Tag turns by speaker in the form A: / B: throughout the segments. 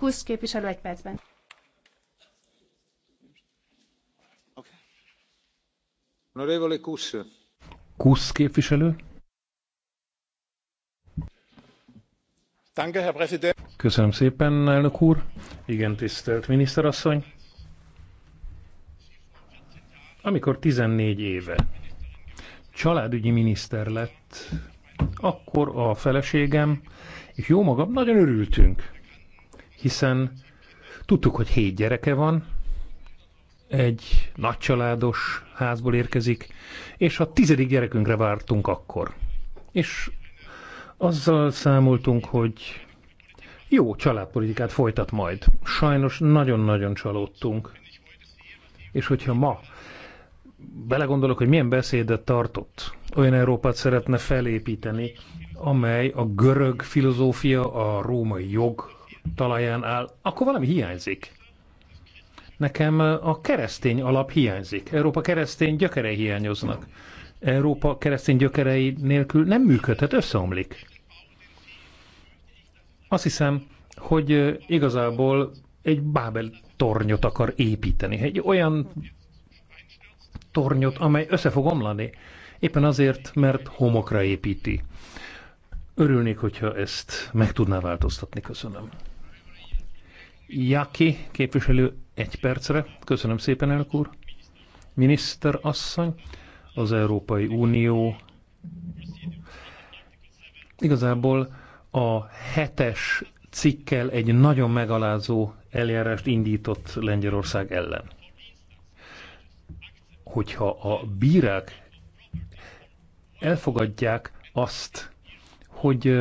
A: Kusz képviselő egy percben.
B: Honorevole Kusz. Kusz képviselő. Köszönöm szépen, elnök úr. Igen, tisztelt miniszterasszony. Amikor 14 éve családügyi miniszter lett, akkor a feleségem és jó magam nagyon örültünk, hiszen tudtuk, hogy hét gyereke van, egy nagycsaládos házból érkezik, és a tizedik gyerekünkre vártunk akkor. És azzal számoltunk, hogy jó családpolitikát folytat majd. Sajnos nagyon-nagyon csalódtunk. És hogyha ma belegondolok, hogy milyen beszédet tartott, olyan Európát szeretne felépíteni, amely a görög filozófia, a római jog talaján áll, akkor valami hiányzik. Nekem a keresztény alap hiányzik. Európa keresztény gyökerei hiányoznak. Európa keresztény gyökerei nélkül nem működhet, összeomlik. Azt hiszem, hogy igazából egy Bábel tornyot akar építeni. Egy olyan tornyot, amely össze fog omlani. Éppen azért, mert homokra építi. Örülnék, hogyha ezt meg tudná változtatni. Köszönöm. Jaki képviselő egy percre. Köszönöm szépen, elnök úr. Miniszter asszony, az Európai Unió igazából a hetes cikkel egy nagyon megalázó eljárást indított Lengyelország ellen. Hogyha a bírák elfogadják azt, hogy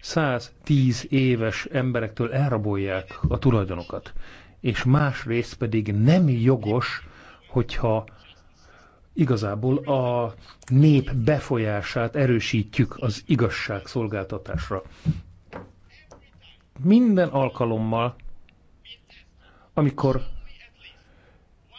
B: 110 éves emberektől elrabolják a tulajdonokat, és másrészt pedig nem jogos, hogyha igazából a nép befolyását erősítjük az igazság szolgáltatásra Minden alkalommal, amikor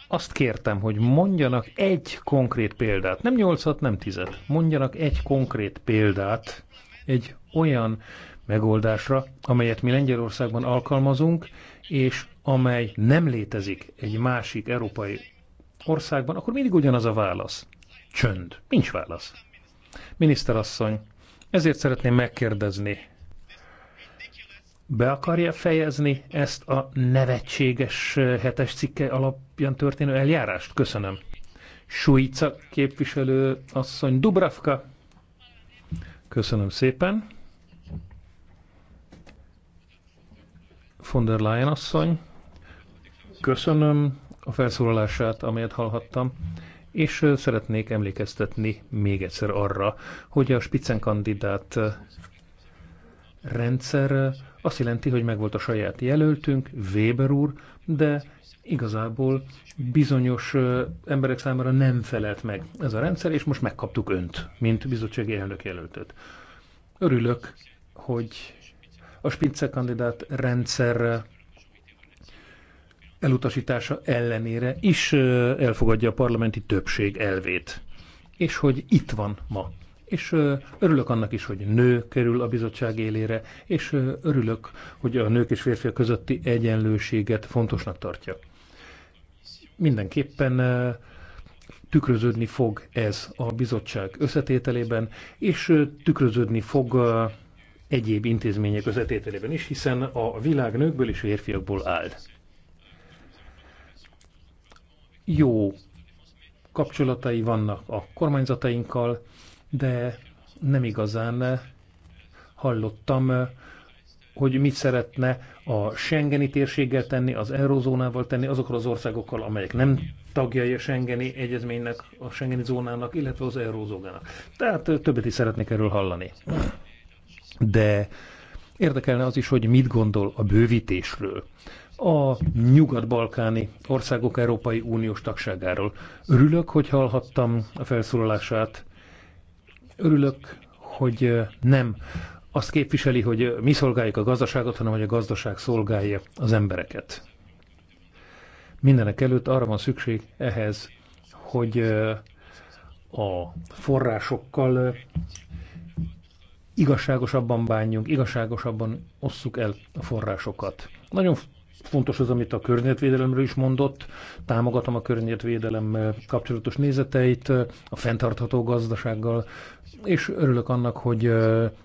B: azt kértem, hogy mondjanak egy konkrét példát, nem nyolcat, nem tizet, mondjanak egy konkrét példát egy olyan megoldásra, amelyet mi Lengyelországban alkalmazunk, és amely nem létezik egy másik európai országban, akkor mindig ugyanaz a válasz. Csönd. Nincs válasz. Miniszterasszony, ezért szeretném megkérdezni, be akarja fejezni ezt a nevetséges eh, hetes cikke alapján történő eljárást? Köszönöm. Suica képviselő asszony Dubravka. Köszönöm szépen. von der Leyen asszony, köszönöm a felszólalását, amelyet hallhattam, és szeretnék emlékeztetni még egyszer arra, hogy a spitzenkandidát rendszer azt jelenti, hogy megvolt a saját jelöltünk, Weber úr, de igazából bizonyos emberek számára nem felelt meg ez a rendszer, és most megkaptuk önt, mint bizottsági elnök jelöltet. Örülök, hogy a kandidát rendszer elutasítása ellenére is elfogadja a parlamenti többség elvét. És hogy itt van ma. És örülök annak is, hogy nő kerül a bizottság élére, és örülök, hogy a nők és férfiak közötti egyenlőséget fontosnak tartja. Mindenképpen tükröződni fog ez a bizottság összetételében, és tükröződni fog egyéb intézmények összetételében is, hiszen a világ nőkből és férfiakból áll. Jó kapcsolatai vannak a kormányzatainkkal, de nem igazán hallottam, hogy mit szeretne a Schengeni térséggel tenni, az eurozónával tenni, azokról az országokkal, amelyek nem tagjai a Schengeni egyezménynek, a Schengeni zónának, illetve az eurozónának. Tehát többet is szeretnék erről hallani de érdekelne az is, hogy mit gondol a bővítésről a nyugat-balkáni országok Európai Uniós tagságáról. Örülök, hogy hallhattam a felszólalását. Örülök, hogy nem azt képviseli, hogy mi szolgáljuk a gazdaságot, hanem hogy a gazdaság szolgálja az embereket. Mindenek előtt arra van szükség ehhez, hogy a forrásokkal igazságosabban bánjunk, igazságosabban osszuk el a forrásokat. Nagyon fontos az, amit a környezetvédelemről is mondott. Támogatom a környezetvédelem kapcsolatos nézeteit, a fenntartható gazdasággal, és örülök annak, hogy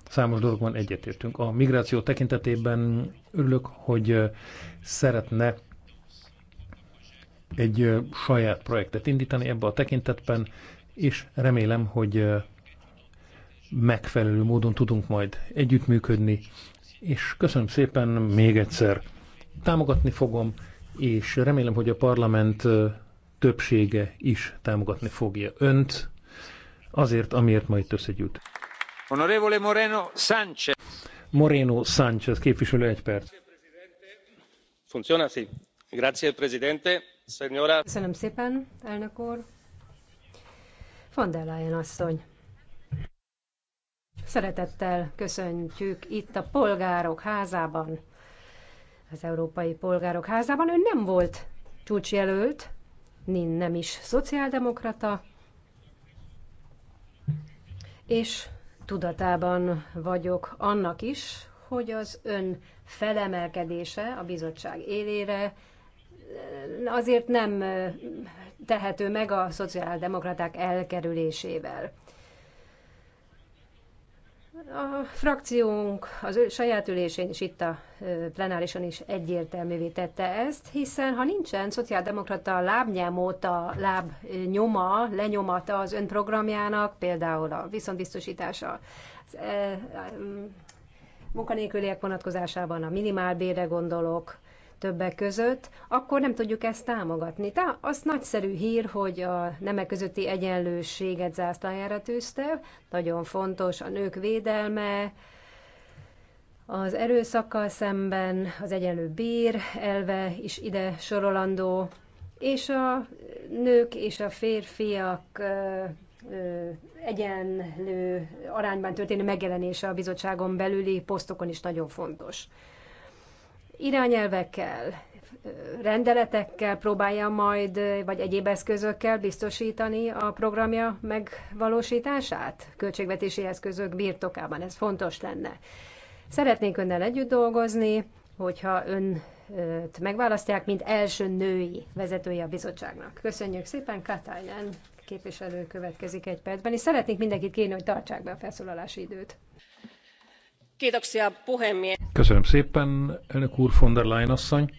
B: számos dologban egyetértünk. A migráció tekintetében örülök, hogy szeretne egy saját projektet indítani ebbe a tekintetben, és remélem, hogy megfelelő módon tudunk majd együttműködni, és köszönöm szépen még egyszer. Támogatni fogom, és remélem, hogy a parlament többsége is támogatni fogja önt, azért, amiért majd összegyűjt. összegyűlt. Honorevole Moreno Sánchez. Moreno Sánchez, képviselő egy perc. Funciona Grazie, presidente.
A: Señora...
C: Köszönöm szépen, elnök úr. Von der Leyen asszony. Szeretettel köszöntjük itt a polgárok házában, az Európai Polgárok házában. Ő nem volt csúcsjelölt, nem is szociáldemokrata, és tudatában vagyok annak is, hogy az ön felemelkedése a bizottság élére azért nem tehető meg a szociáldemokraták elkerülésével. A frakciónk az ő saját ülésén is itt a plenárison is egyértelművé tette ezt, hiszen ha nincsen szociáldemokrata lábnyomóta, lábnyoma, lenyomata az önprogramjának, például a viszontbiztosítása, az, e, munkanélküliek vonatkozásában a minimálbére gondolok, többek között, akkor nem tudjuk ezt támogatni. Tehát az nagyszerű hír, hogy a nemek közötti egyenlőséget zászlájára tűzte, nagyon fontos a nők védelme, az erőszakkal szemben az egyenlő bér elve is ide sorolandó, és a nők és a férfiak egyenlő arányban történő megjelenése a bizottságon belüli posztokon is nagyon fontos irányelvekkel, rendeletekkel próbálja majd, vagy egyéb eszközökkel biztosítani a programja megvalósítását költségvetési eszközök birtokában. Ez fontos lenne. Szeretnénk önnel együtt dolgozni, hogyha ön megválasztják, mint első női vezetője a bizottságnak. Köszönjük szépen, Katajnen képviselő következik egy percben, és szeretnék mindenkit kérni, hogy tartsák be a felszólalási időt.
B: Köszönöm szépen, elnök úr, von der Leyen asszony.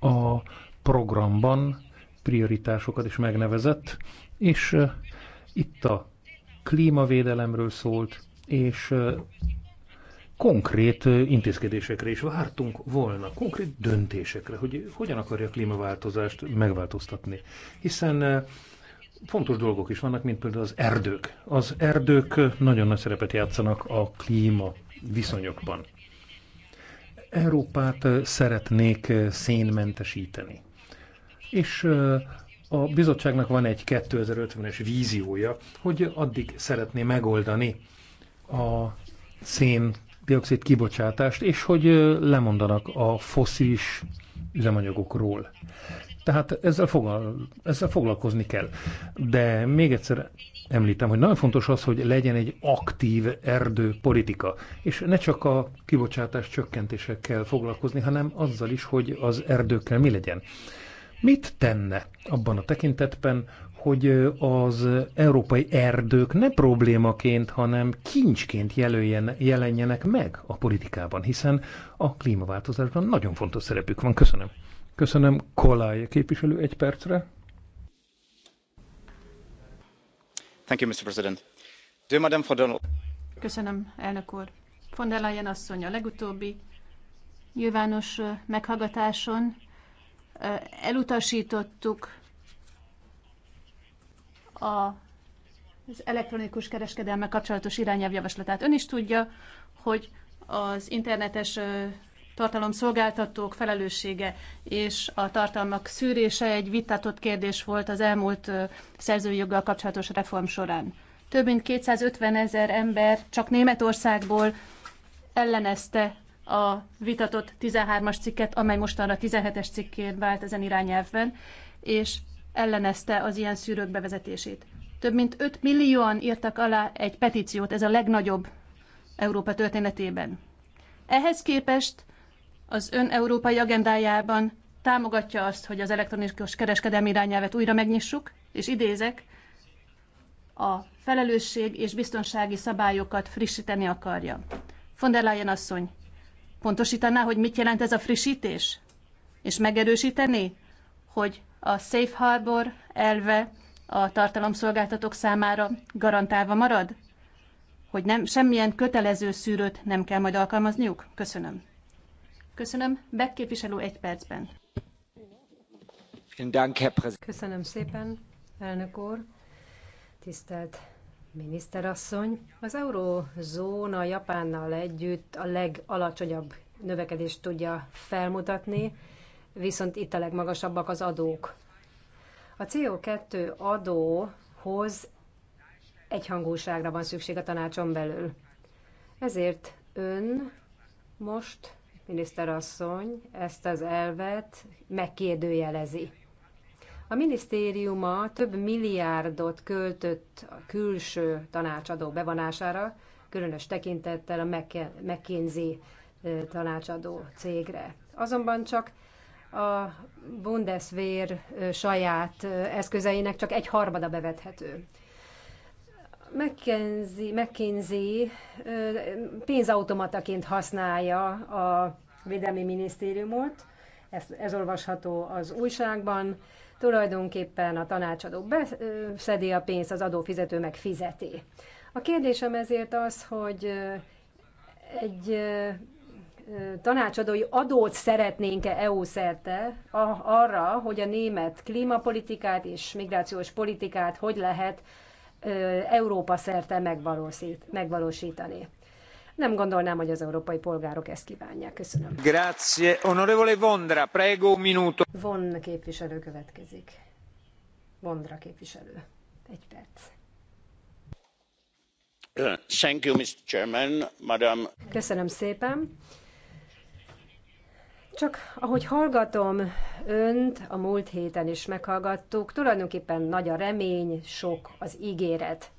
B: A programban prioritásokat is megnevezett, és eh, itt a klímavédelemről szólt, és eh, konkrét eh, intézkedésekre is vártunk volna, konkrét döntésekre, hogy hogyan akarja a klímaváltozást megváltoztatni. Hiszen fontos dolgok is vannak, mint például az erdők. Az erdők nagyon nagy szerepet játszanak a klíma viszonyokban. Európát szeretnék szénmentesíteni. És a bizottságnak van egy 2050-es víziója, hogy addig szeretné megoldani a szén dioxid kibocsátást, és hogy lemondanak a foszilis üzemanyagokról. Tehát ezzel, fogal, ezzel foglalkozni kell. De még egyszer említem, hogy nagyon fontos az, hogy legyen egy aktív erdőpolitika, és ne csak a kibocsátás csökkentésekkel foglalkozni, hanem azzal is, hogy az erdőkkel mi legyen. Mit tenne abban a tekintetben, hogy az európai erdők ne problémaként, hanem kincsként jelöljen, jelenjenek meg a politikában, hiszen a klímaváltozásban nagyon fontos szerepük van. Köszönöm. Köszönöm. Kolály képviselő egy percre.
A: Thank you, Mr. President. Dear Madam von der Köszönöm, elnök úr. Von der Leyen asszony a legutóbbi nyilvános meghallgatáson elutasítottuk a, az elektronikus kereskedelme kapcsolatos irányelvjavaslatát. Ön is tudja, hogy az internetes tartalomszolgáltatók felelőssége és a tartalmak szűrése egy vitatott kérdés volt az elmúlt szerzői joggal kapcsolatos reform során. Több mint 250 ezer ember csak Németországból ellenezte a vitatott 13-as cikket, amely mostanra 17-es cikkén vált ezen irányelvben, és ellenezte az ilyen szűrők bevezetését. Több mint 5 millióan írtak alá egy petíciót, ez a legnagyobb Európa történetében. Ehhez képest az ön európai agendájában támogatja azt, hogy az elektronikus kereskedelmi irányelvet újra megnyissuk, és idézek, a felelősség és biztonsági szabályokat frissíteni akarja. Von der Leyen asszony, pontosítaná, hogy mit jelent ez a frissítés? És megerősíteni, hogy a Safe Harbor elve a tartalomszolgáltatók számára garantálva marad? Hogy nem, semmilyen kötelező szűrőt nem kell majd alkalmazniuk? Köszönöm. Köszönöm. Beck egy percben.
C: Köszönöm szépen, elnök úr. Tisztelt miniszterasszony, az eurózóna Japánnal együtt a legalacsonyabb növekedést tudja felmutatni, viszont itt a legmagasabbak az adók. A CO2 adóhoz egyhangúságra van szükség a tanácson belül. Ezért ön most miniszterasszony ezt az elvet megkérdőjelezi. A minisztériuma több milliárdot költött a külső tanácsadó bevonására, különös tekintettel a McKinsey tanácsadó cégre. Azonban csak a Bundeswehr saját eszközeinek csak egy harmada bevethető. McKenzie, McKenzie pénzautomataként használja a Védelmi Minisztériumot, ez, ez olvasható az újságban. Tulajdonképpen a tanácsadó beszedi a pénzt, az adófizető meg fizeti. A kérdésem ezért az, hogy egy tanácsadói adót szeretnénk-e EU szerte arra, hogy a német klímapolitikát és migrációs politikát hogy lehet Európa szerte megvalósítani. Nem gondolnám, hogy az európai polgárok ezt kívánják. Köszönöm. Grazie. Onorevole Vondra, prego un minuto. Von képviselő következik. Vondra képviselő. Egy perc.
A: Uh, thank you, Mr. Chairman, Madam.
C: Köszönöm szépen. Csak ahogy hallgatom önt, a múlt héten is meghallgattuk, tulajdonképpen nagy a remény, sok az ígéret.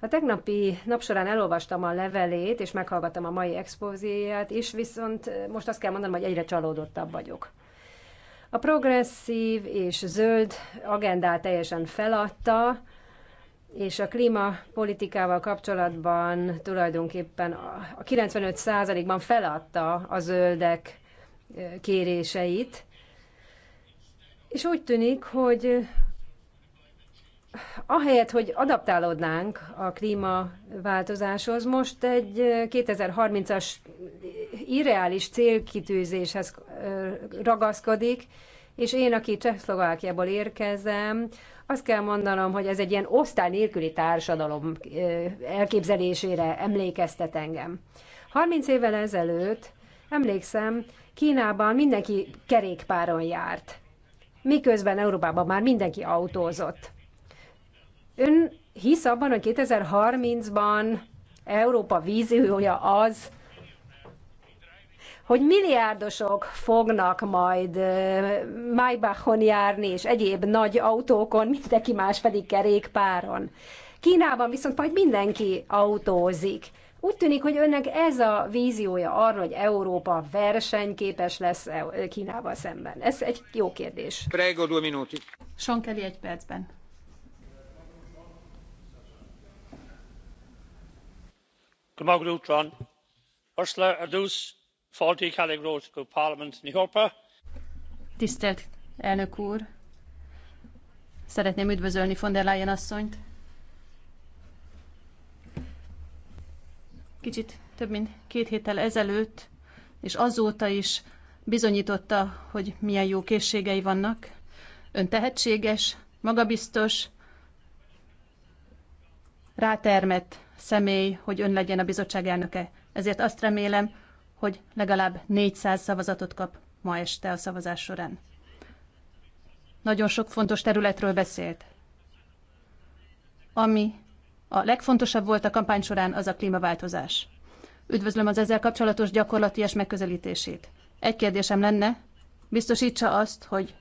C: A tegnapi nap során elolvastam a levelét, és meghallgattam a mai expozéját és viszont most azt kell mondanom, hogy egyre csalódottabb vagyok. A progresszív és zöld agendát teljesen feladta, és a klímapolitikával kapcsolatban tulajdonképpen a 95%-ban feladta a zöldek kéréseit, és úgy tűnik, hogy ahelyett, hogy adaptálódnánk a klímaváltozáshoz, most egy 2030-as irreális célkitűzéshez ragaszkodik, és én, aki Csehszlovákiából érkezem, azt kell mondanom, hogy ez egy ilyen osztály nélküli társadalom elképzelésére emlékeztet engem. 30 évvel ezelőtt emlékszem, Kínában mindenki kerékpáron járt, miközben Európában már mindenki autózott. Ön hisz abban, hogy 2030-ban Európa víziója az, hogy milliárdosok fognak majd Maybachon járni, és egyéb nagy autókon, mindenki más pedig kerékpáron. Kínában viszont majd mindenki autózik. Úgy tűnik, hogy önnek ez a víziója arra, hogy Európa versenyképes lesz e- Kínával szemben. Ez egy jó kérdés.
A: Prego,
B: due minuti.
C: Sonkeli egy percben.
A: Tisztelt elnök úr! Szeretném üdvözölni von der Leyen asszonyt. kicsit több mint két héttel ezelőtt, és azóta is bizonyította, hogy milyen jó készségei vannak. Ön tehetséges, magabiztos, rátermett személy, hogy ön legyen a bizottság elnöke. Ezért azt remélem, hogy legalább 400 szavazatot kap ma este a szavazás során. Nagyon sok fontos területről beszélt. Ami a legfontosabb volt a kampány során az a klímaváltozás. Üdvözlöm az ezzel kapcsolatos gyakorlatias megközelítését. Egy kérdésem lenne, biztosítsa azt, hogy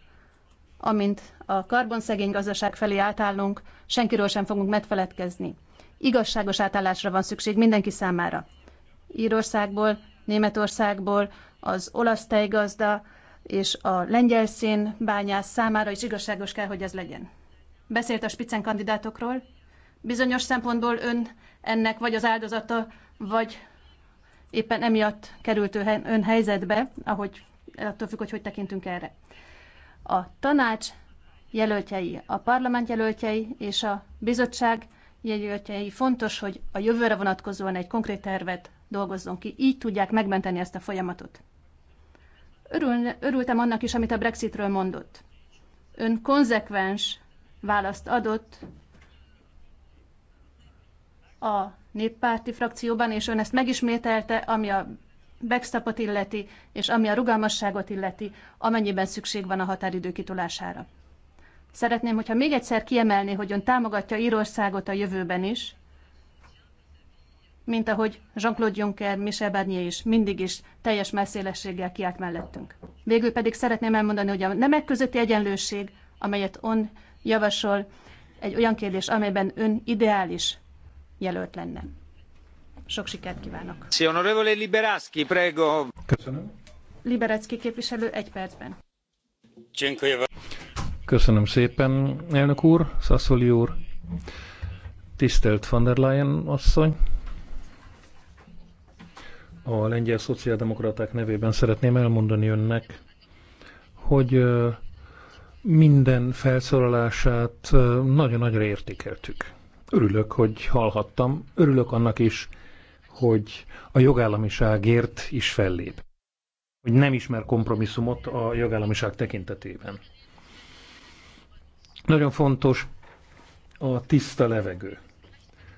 A: amint a karbonszegény gazdaság felé átállunk, senkiről sem fogunk megfeledkezni. Igazságos átállásra van szükség mindenki számára. Írországból, Németországból, az olasz tejgazda és a lengyel szén bányász számára is igazságos kell, hogy ez legyen. Beszélt a spicen kandidátokról, Bizonyos szempontból ön ennek vagy az áldozata, vagy éppen emiatt került ön helyzetbe, ahogy attól függ, hogy hogy tekintünk erre. A tanács jelöltjei, a parlament jelöltjei és a bizottság jelöltjei fontos, hogy a jövőre vonatkozóan egy konkrét tervet dolgozzon ki. Így tudják megmenteni ezt a folyamatot. Örül, örültem annak is, amit a Brexitről mondott. Ön konzekvens választ adott a néppárti frakcióban, és ön ezt megismételte, ami a backstopot illeti, és ami a rugalmasságot illeti, amennyiben szükség van a határidő kitolására. Szeretném, hogyha még egyszer kiemelné, hogy ön támogatja Írországot a jövőben is, mint ahogy Jean-Claude Juncker, Michel Barnier is mindig is teljes messzélességgel kiállt mellettünk. Végül pedig szeretném elmondani, hogy a nemek közötti egyenlőség, amelyet ön javasol, egy olyan kérdés, amelyben ön ideális jelölt lenne. Sok sikert kívánok! Köszönöm. Liberecki képviselő egy percben.
B: Köszönöm szépen, elnök úr, Szaszoli úr, tisztelt van der Leyen asszony. A lengyel szociáldemokraták nevében szeretném elmondani önnek, hogy minden felszólalását nagyon nagyra értékeltük. Örülök, hogy hallhattam, örülök annak is, hogy a jogállamiságért is fellép. Hogy nem ismer kompromisszumot a jogállamiság tekintetében. Nagyon fontos a tiszta levegő.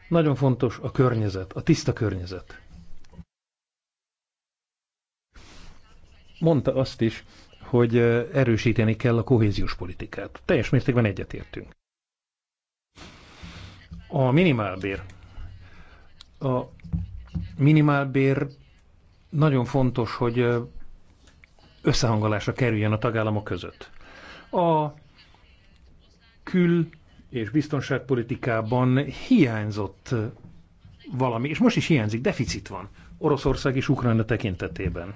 B: Nagyon fontos a környezet, a tiszta környezet. Mondta azt is, hogy eh, erősíteni kell a kohéziós politikát. Teljes mértékben egyetértünk. A minimálbér. A minimálbér nagyon fontos, hogy összehangolásra kerüljön a tagállamok között. A kül- és biztonságpolitikában hiányzott valami, és most is hiányzik, deficit van Oroszország és Ukrajna tekintetében.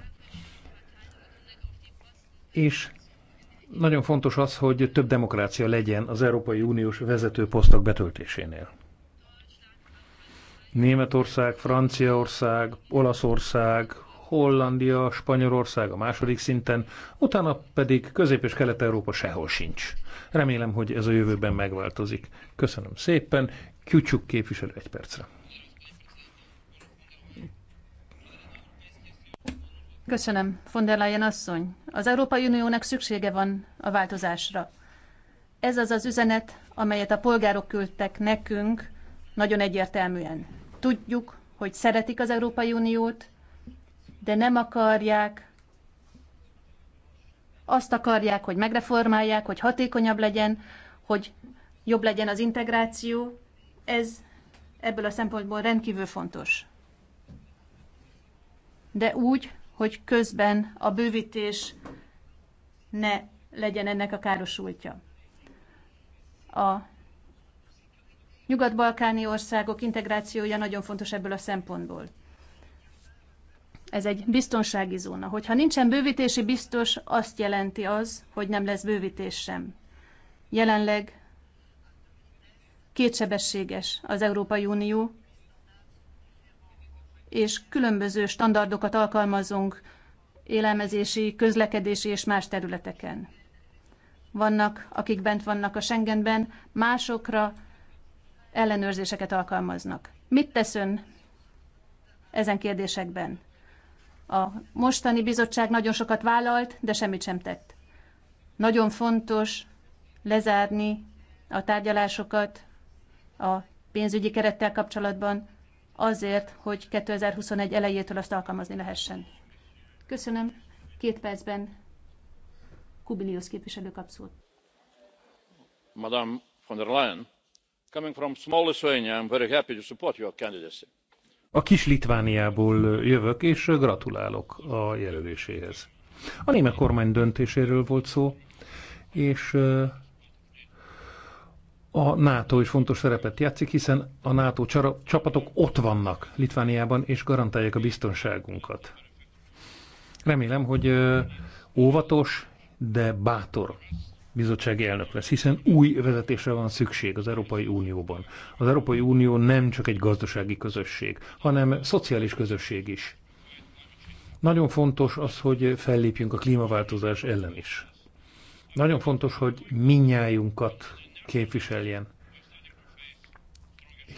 B: És nagyon fontos az, hogy több demokrácia legyen az Európai Uniós vezető posztok betöltésénél. Németország, Franciaország, Olaszország, Hollandia, Spanyolország a második szinten, utána pedig Közép- és Kelet-Európa sehol sincs. Remélem, hogy ez a jövőben megváltozik. Köszönöm szépen. Kücsük képviselő egy percre.
A: Köszönöm, von der Leyen asszony. Az Európai Uniónak szüksége van a változásra. Ez az az üzenet, amelyet a polgárok küldtek nekünk nagyon egyértelműen. Tudjuk, hogy szeretik az Európai Uniót, de nem akarják, azt akarják, hogy megreformálják, hogy hatékonyabb legyen, hogy jobb legyen az integráció. Ez ebből a szempontból rendkívül fontos. De úgy, hogy közben a bővítés ne legyen ennek a károsultja. A nyugat-balkáni országok integrációja nagyon fontos ebből a szempontból. Ez egy biztonsági zóna. Hogyha nincsen bővítési biztos, azt jelenti az, hogy nem lesz bővítés sem. Jelenleg kétsebességes az Európai Unió, és különböző standardokat alkalmazunk élelmezési, közlekedési és más területeken. Vannak, akik bent vannak a Schengenben, másokra ellenőrzéseket alkalmaznak. Mit tesz ön ezen kérdésekben? A mostani bizottság nagyon sokat vállalt, de semmit sem tett. Nagyon fontos lezárni a tárgyalásokat a pénzügyi kerettel kapcsolatban azért, hogy 2021 elejétől azt alkalmazni lehessen. Köszönöm. Két percben Kubilius képviselő kap szót.
B: Madame von der Leyen. A kis Litvániából jövök, és gratulálok a jelöléséhez. A német kormány döntéséről volt szó, és eh, a NATO is fontos szerepet játszik, hiszen a NATO csapatok ott vannak Litvániában, és garantálják a biztonságunkat. Remélem, hogy eh, óvatos, de bátor bizottsági elnök lesz, hiszen új vezetésre van szükség az Európai Unióban. Az Európai Unió nem csak egy gazdasági közösség, hanem szociális közösség is. Nagyon fontos az, hogy fellépjünk a klímaváltozás ellen is. Nagyon fontos, hogy minnyájunkat képviseljen.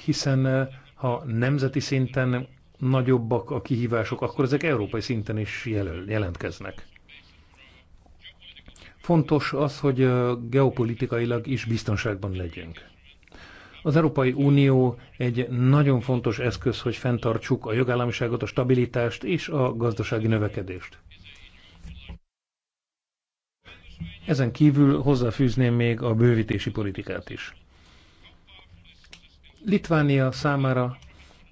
B: Hiszen eh, ha nemzeti szinten nagyobbak a kihívások, akkor ezek európai szinten is jelentkeznek. Fontos az, hogy geopolitikailag is biztonságban legyünk. Az Európai Unió egy nagyon fontos eszköz, hogy fenntartsuk a jogállamiságot, a stabilitást és a gazdasági növekedést. Ezen kívül hozzáfűzném még a bővítési politikát is. Litvánia számára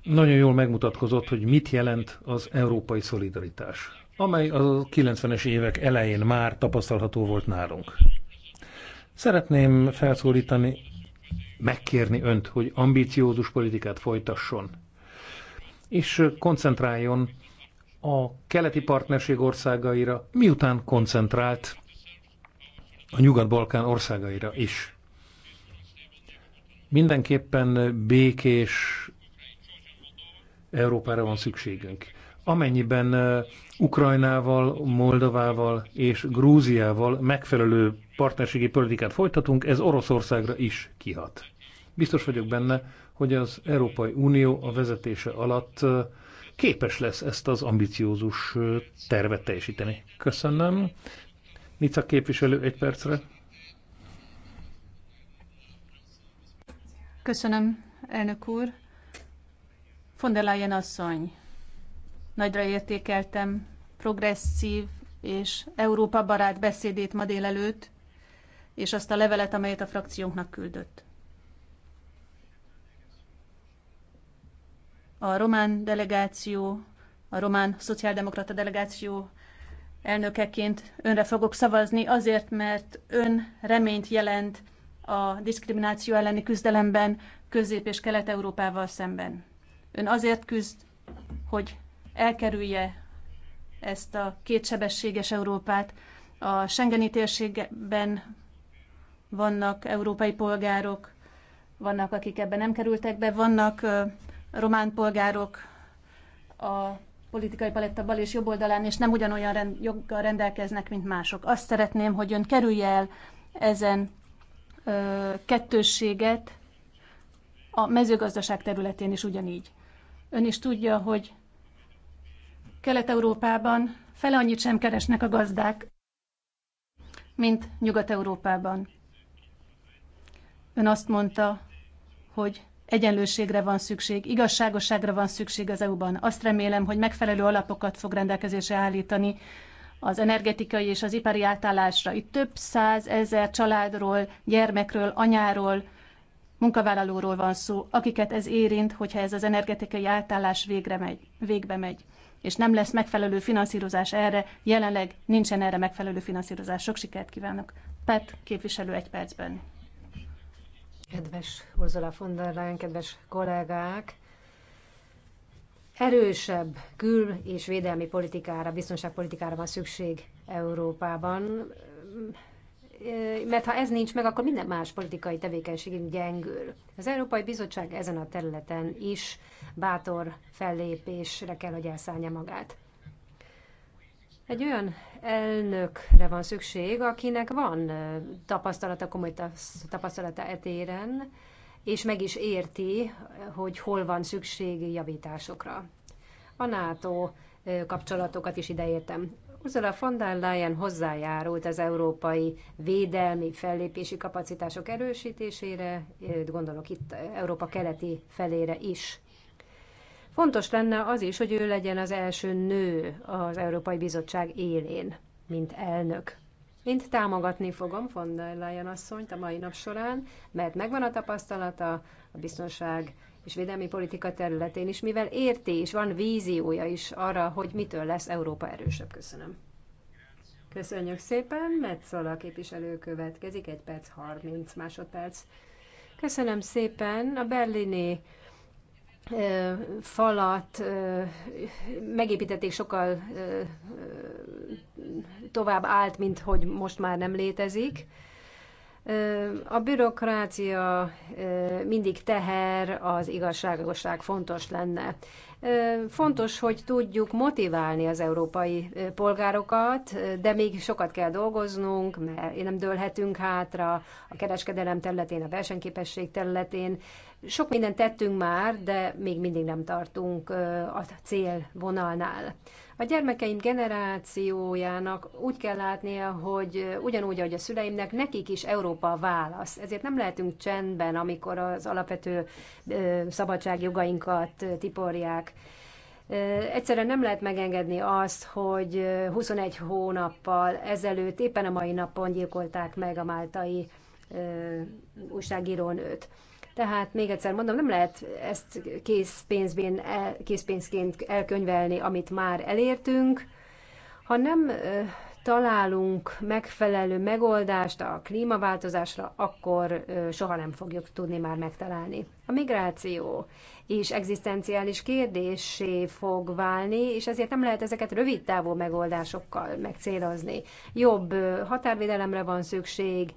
B: nagyon jól megmutatkozott, hogy mit jelent az európai szolidaritás amely a 90-es évek elején már tapasztalható volt nálunk. Szeretném felszólítani, megkérni önt, hogy ambíciózus politikát folytasson, és koncentráljon a keleti partnerség országaira, miután koncentrált a Nyugat-Balkán országaira is. Mindenképpen békés Európára van szükségünk amennyiben Ukrajnával, Moldovával és Grúziával megfelelő partnerségi politikát folytatunk, ez Oroszországra is kihat. Biztos vagyok benne, hogy az Európai Unió a vezetése alatt képes lesz ezt az ambiciózus tervet teljesíteni. Köszönöm. Nica képviselő, egy percre.
A: Köszönöm, elnök úr. Von der Leyen asszony, Nagyra értékeltem progresszív és Európa barát beszédét ma délelőtt, és azt a levelet, amelyet a frakciónknak küldött. A román delegáció, a román szociáldemokrata delegáció elnökeként önre fogok szavazni, azért, mert ön reményt jelent a diszkrimináció elleni küzdelemben Közép- és Kelet-Európával szemben. Ön azért küzd, hogy elkerülje ezt a kétsebességes Európát. A Schengeni térségben vannak európai polgárok, vannak, akik ebben nem kerültek be, vannak román polgárok a politikai paletta bal és jobb oldalán, és nem ugyanolyan rend, joggal rendelkeznek, mint mások. Azt szeretném, hogy ön kerülje el ezen ö, kettősséget a mezőgazdaság területén is ugyanígy. Ön is tudja, hogy Kelet-Európában fele annyit sem keresnek a gazdák, mint Nyugat-Európában. Ön azt mondta, hogy egyenlőségre van szükség, igazságosságra van szükség az EU-ban. Azt remélem, hogy megfelelő alapokat fog rendelkezésre állítani az energetikai és az ipari átállásra. Itt több száz ezer családról, gyermekről, anyáról, munkavállalóról van szó, akiket ez érint, hogyha ez az energetikai átállás végre megy, végbe megy és nem lesz megfelelő finanszírozás erre, jelenleg nincsen erre megfelelő finanszírozás. Sok sikert kívánok. Pet képviselő egy
C: percben. Kedves Ursula von der Leyen, kedves kollégák! Erősebb kül- és védelmi politikára, biztonságpolitikára van szükség Európában mert ha ez nincs meg, akkor minden más politikai tevékenységünk gyengül. Az Európai Bizottság ezen a területen is bátor fellépésre kell, hogy elszállja magát. Egy olyan elnökre van szükség, akinek van tapasztalata, komoly tapasztalata etéren, és meg is érti, hogy hol van szükség javításokra. A NATO kapcsolatokat is ideértem. Ursula von der Leyen hozzájárult az európai védelmi fellépési kapacitások erősítésére, eh, gondolok itt Európa keleti felére is. Fontos lenne az is, hogy ő legyen az első nő az Európai Bizottság élén, mint elnök. Mint támogatni fogom von der Leyen asszonyt a mai nap során, mert megvan a tapasztalata, a biztonság és védelmi politika területén is, mivel érti és van víziója is arra, hogy mitől lesz Európa erősebb. Köszönöm. Köszönjük szépen, Metzola képviselő következik, egy perc 30 másodperc. Köszönöm szépen, a berlini falat megépítették sokkal tovább állt, mint hogy most már nem létezik. A bürokrácia mindig teher, az igazságosság fontos lenne. Fontos, hogy tudjuk motiválni az európai polgárokat, de még sokat kell dolgoznunk, mert nem dőlhetünk hátra a kereskedelem területén, a versenyképesség területén. Sok mindent tettünk már, de még mindig nem tartunk a célvonalnál. A gyermekeim generációjának úgy kell látnia, hogy ugyanúgy, ahogy a szüleimnek, nekik is Európa a válasz. Ezért nem lehetünk csendben, amikor az alapvető szabadságjogainkat tiporják. Egyszerűen nem lehet megengedni azt, hogy 21 hónappal ezelőtt éppen a mai napon gyilkolták meg a máltai újságírónőt. Tehát még egyszer mondom, nem lehet ezt készpénzben, készpénzként elkönyvelni, amit már elértünk, ha nem találunk megfelelő megoldást a klímaváltozásra, akkor soha nem fogjuk tudni már megtalálni. A migráció is egzisztenciális kérdésé fog válni, és ezért nem lehet ezeket rövid távú megoldásokkal megcélozni. Jobb határvédelemre van szükség,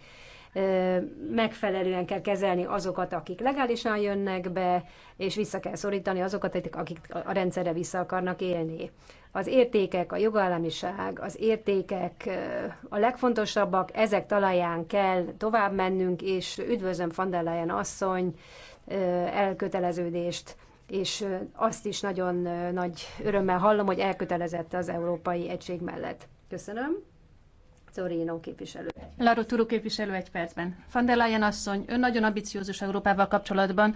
C: megfelelően kell kezelni azokat, akik legálisan jönnek be, és vissza kell szorítani azokat, akik a rendszerre vissza akarnak élni. Az értékek, a jogállamiság, az értékek a legfontosabbak, ezek talaján kell tovább mennünk, és üdvözlöm Fandellaján asszony elköteleződést, és azt is nagyon nagy örömmel hallom, hogy elkötelezett az európai egység mellett. Köszönöm. Torino képviselő.
A: Laro Turo képviselő egy percben. Van der Leyen asszony, ön nagyon ambiciózus Európával kapcsolatban,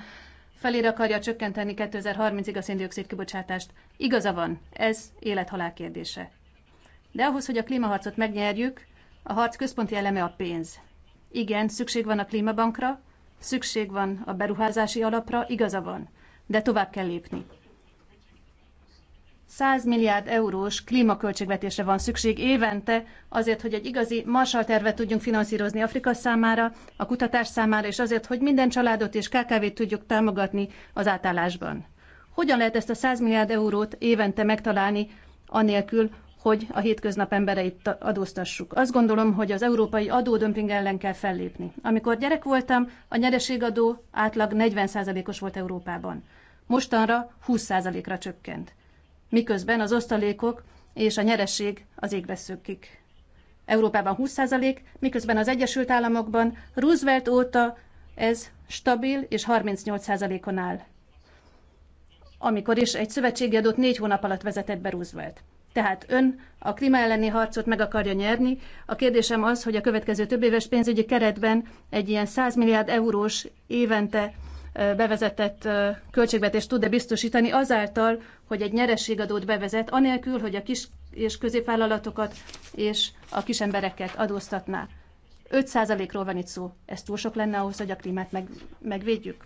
A: felére akarja csökkenteni 2030-ig a széndiokszid kibocsátást. Igaza van, ez élethalál kérdése. De ahhoz, hogy a klímaharcot megnyerjük, a harc központi eleme a pénz. Igen, szükség van a klímabankra, szükség van a beruházási alapra, igaza van, de tovább kell lépni. 100 milliárd eurós klímaköltségvetésre van szükség évente azért, hogy egy igazi Marshall-tervet tudjunk finanszírozni Afrika számára, a kutatás számára, és azért, hogy minden családot és KKV-t tudjuk támogatni az átállásban. Hogyan lehet ezt a 100 milliárd eurót évente megtalálni, anélkül, hogy a hétköznap embereit adóztassuk. Azt gondolom, hogy az európai adódömping ellen kell fellépni. Amikor gyerek voltam, a nyereségadó átlag 40%-os volt Európában. Mostanra 20%-ra csökkent miközben az osztalékok és a nyereség az égbe szökik. Európában 20%, miközben az Egyesült Államokban Roosevelt óta ez stabil és 38%-on áll. Amikor is egy szövetségi adót négy hónap alatt vezetett be Roosevelt. Tehát ön a klíma elleni harcot meg akarja nyerni. A kérdésem az, hogy a következő több éves pénzügyi keretben egy ilyen 100 milliárd eurós évente bevezetett költségvetést tud-e biztosítani azáltal, hogy egy nyerességadót bevezet, anélkül, hogy a kis és középvállalatokat és a kisembereket adóztatná. 5%-ról van itt szó. Ez túl sok lenne ahhoz, hogy a klímát meg, megvédjük.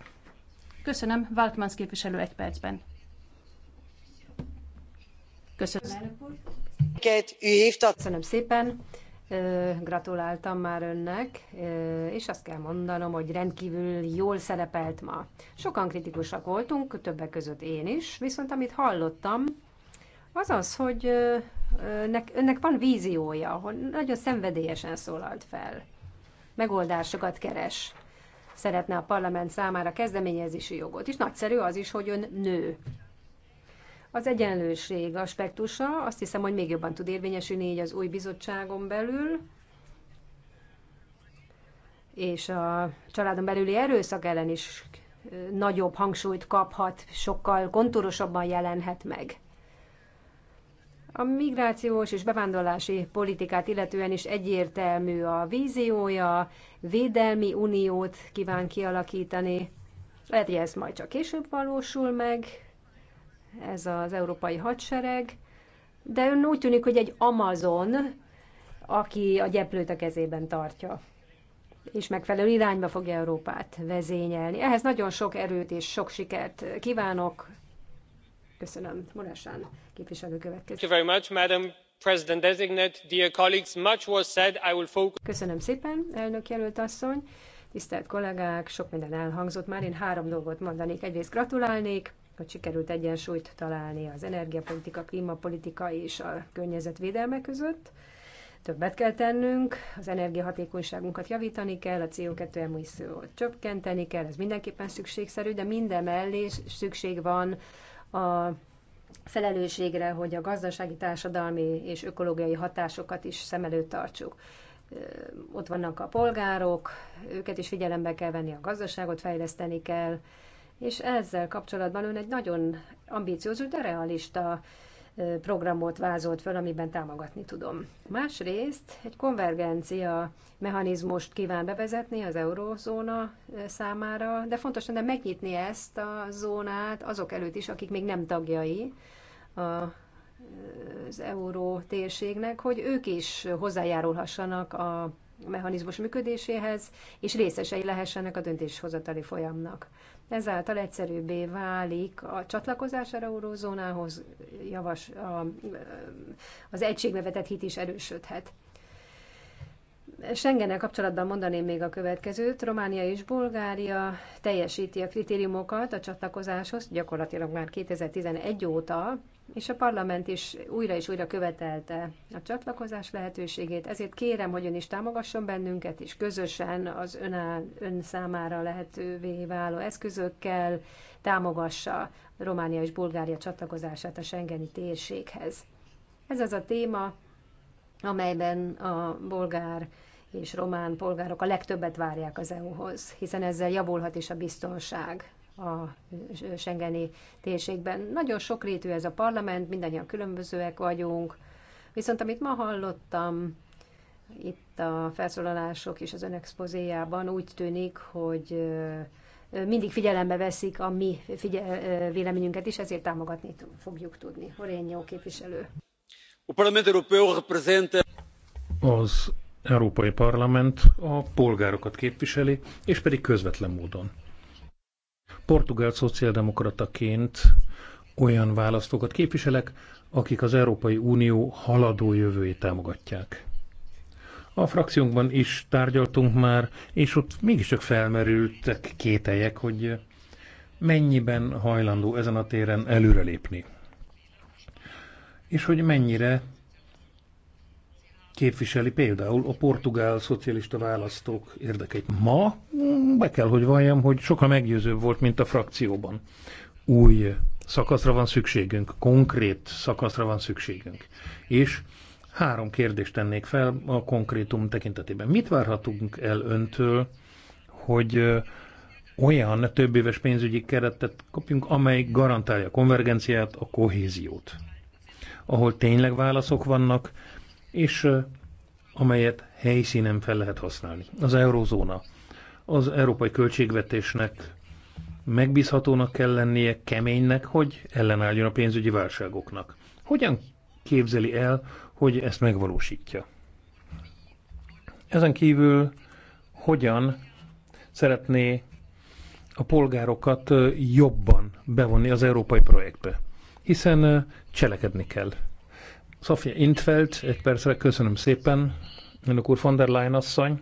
A: Köszönöm, Valkmans képviselő egy percben. Köszönöm.
C: Köszönöm szépen Gratuláltam már önnek, és azt kell mondanom, hogy rendkívül jól szerepelt ma. Sokan kritikusak voltunk, többek között én is, viszont amit hallottam, az az, hogy önnek, önnek van víziója, hogy nagyon szenvedélyesen szólalt fel. Megoldásokat keres. Szeretne a parlament számára kezdeményezési jogot, és nagyszerű az is, hogy ön nő. Az egyenlőség aspektusa azt hiszem, hogy még jobban tud érvényesülni így az új bizottságon belül, és a családon belüli erőszak ellen is nagyobb hangsúlyt kaphat, sokkal kontúrosabban jelenhet meg. A migrációs és bevándorlási politikát illetően is egyértelmű a víziója, védelmi uniót kíván kialakítani. Lehet, hogy ez majd csak később valósul meg, ez az európai hadsereg, de ön úgy tűnik, hogy egy Amazon, aki a gyeplőt a kezében tartja, és megfelelő irányba fogja Európát vezényelni. Ehhez nagyon sok erőt és sok sikert kívánok. Köszönöm. Morásán képviselő következő. Köszönöm szépen, elnök jelölt asszony. Tisztelt kollégák, sok minden elhangzott már. Én három dolgot mondanék. Egyrészt gratulálnék hogy sikerült egyensúlyt találni az energiapolitika, klímapolitika és a környezetvédelme között. Többet kell tennünk, az energiahatékonyságunkat javítani kell, a CO2 emissziót csökkenteni kell, ez mindenképpen szükségszerű, de minden mellé szükség van a felelősségre, hogy a gazdasági, társadalmi és ökológiai hatásokat is szem előtt tartsuk. Ott vannak a polgárok, őket is figyelembe kell venni, a gazdaságot fejleszteni kell, és ezzel kapcsolatban ön egy nagyon ambíciózus, de realista programot vázolt föl, amiben támogatni tudom. Másrészt egy konvergencia mechanizmust kíván bevezetni az eurózóna számára, de fontos lenne megnyitni ezt a zónát azok előtt is, akik még nem tagjai a, az euró térségnek, hogy ők is hozzájárulhassanak a mechanizmus működéséhez, és részesei lehessenek a döntéshozatali folyamnak. Ezáltal egyszerűbbé válik a csatlakozás a eurózónához, javas, a, az egységbe vetett hit is erősödhet. Schengennel kapcsolatban mondaném még a következőt. Románia és Bulgária teljesíti a kritériumokat a csatlakozáshoz, gyakorlatilag már 2011 óta, és a parlament is újra és újra követelte a csatlakozás lehetőségét, ezért kérem, hogy ön is támogasson bennünket, és közösen az ön, áll, ön számára lehetővé váló eszközökkel támogassa Románia és Bulgária csatlakozását a Schengeni térséghez. Ez az a téma, amelyben a bolgár és román polgárok a legtöbbet várják az EU-hoz, hiszen ezzel javulhat is a biztonság a Schengeni térségben. Nagyon sokrétű ez a parlament, mindannyian különbözőek vagyunk, viszont amit ma hallottam, itt a felszólalások és az önök úgy tűnik, hogy mindig figyelembe veszik a mi véleményünket is, ezért támogatni fogjuk tudni. Horényó képviselő.
B: Az Európai Parlament a polgárokat képviseli, és pedig közvetlen módon. Portugál szociáldemokrataként olyan választókat képviselek, akik az Európai Unió haladó jövőjét támogatják. A frakciónkban is tárgyaltunk már, és ott mégiscsak felmerültek kételjek, hogy mennyiben hajlandó ezen a téren előrelépni. És hogy mennyire képviseli például a portugál szocialista választók érdekeit. Ma be kell, hogy valljam, hogy sokkal meggyőzőbb volt, mint a frakcióban. Új szakaszra van szükségünk, konkrét szakaszra van szükségünk. És három kérdést tennék fel a konkrétum tekintetében. Mit várhatunk el öntől, hogy olyan több éves pénzügyi keretet kapjunk, amely garantálja a konvergenciát, a kohéziót, ahol tényleg válaszok vannak, és amelyet helyszínen fel lehet használni. Az eurozóna. Az európai költségvetésnek megbízhatónak kell lennie, keménynek, hogy ellenálljon a pénzügyi válságoknak. Hogyan képzeli el, hogy ezt megvalósítja? Ezen kívül hogyan szeretné a polgárokat jobban bevonni az európai projektbe? Hiszen cselekedni kell. Sofia Intfeld, egy percre köszönöm szépen. Önök úr von der Leyen asszony,